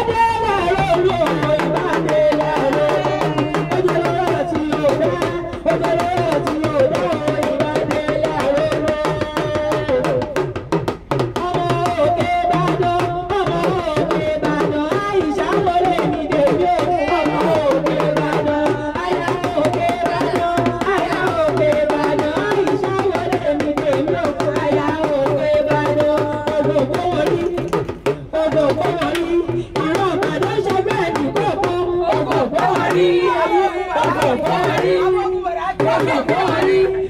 Adéwà lórí o. Somebody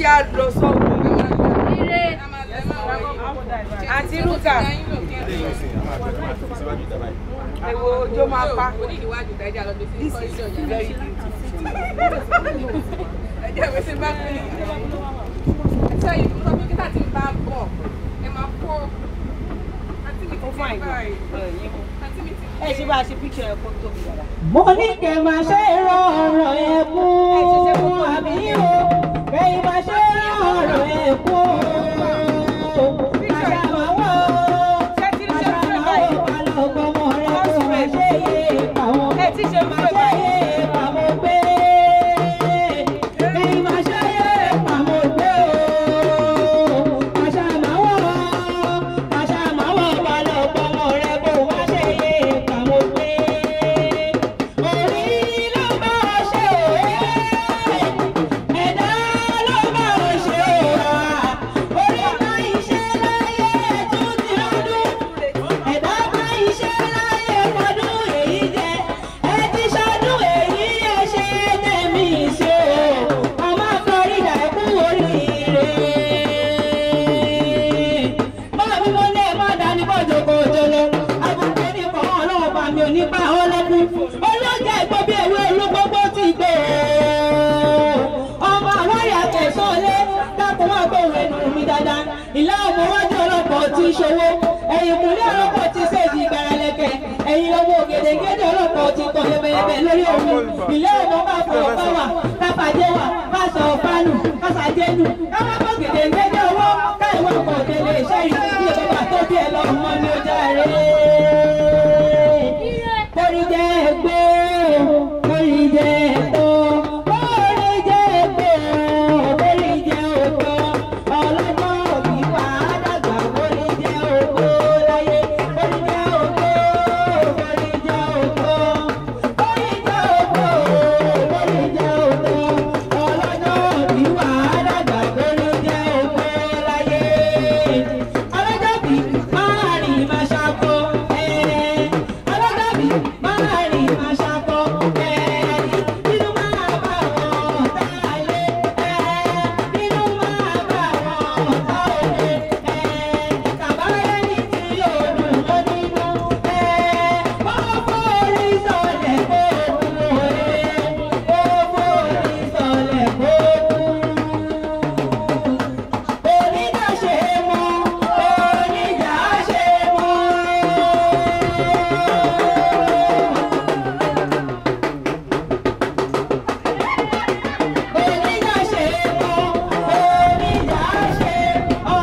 kí a lọ sọ́kùn ire àti rúkà ewo ojo máa pa this is very beautiful. ẹjẹ ìwé ṣe bá pè é ẹjẹ ìlú sọ pé kíkà ti bá bọ̀ ẹ máa kó àti mi ti fi báyìí ẹ ṣe bá a ṣe píkì ẹ kó tóbi dára. mo ní kẹ́ máa ṣe ìrọ̀rùn ẹ̀kú. ọmọ mi ò ní pa àwọn lẹ́kún olóòjà bí ewé olúgbógbó ti gbé e. ọmọ àwọn ìyàtọ̀ sọ́ọ́lé dákun máa gbé òwe nù mí dáadáa ìlà ọmọ wájú ọlọ́pọ̀ ti ṣòwò ẹ̀yìn kùnlé ọlọ́pọ̀ ti ṣèjì ìgbàlálẹ́kẹ̀ ẹ̀yìn lọ́wọ́ ògèdègèdè ọlọ́pọ̀ ti kọ̀ yẹbẹyẹbẹ lórí òun ìlà ọmọ máa fọwọ́ pàwà káfàjẹ́wà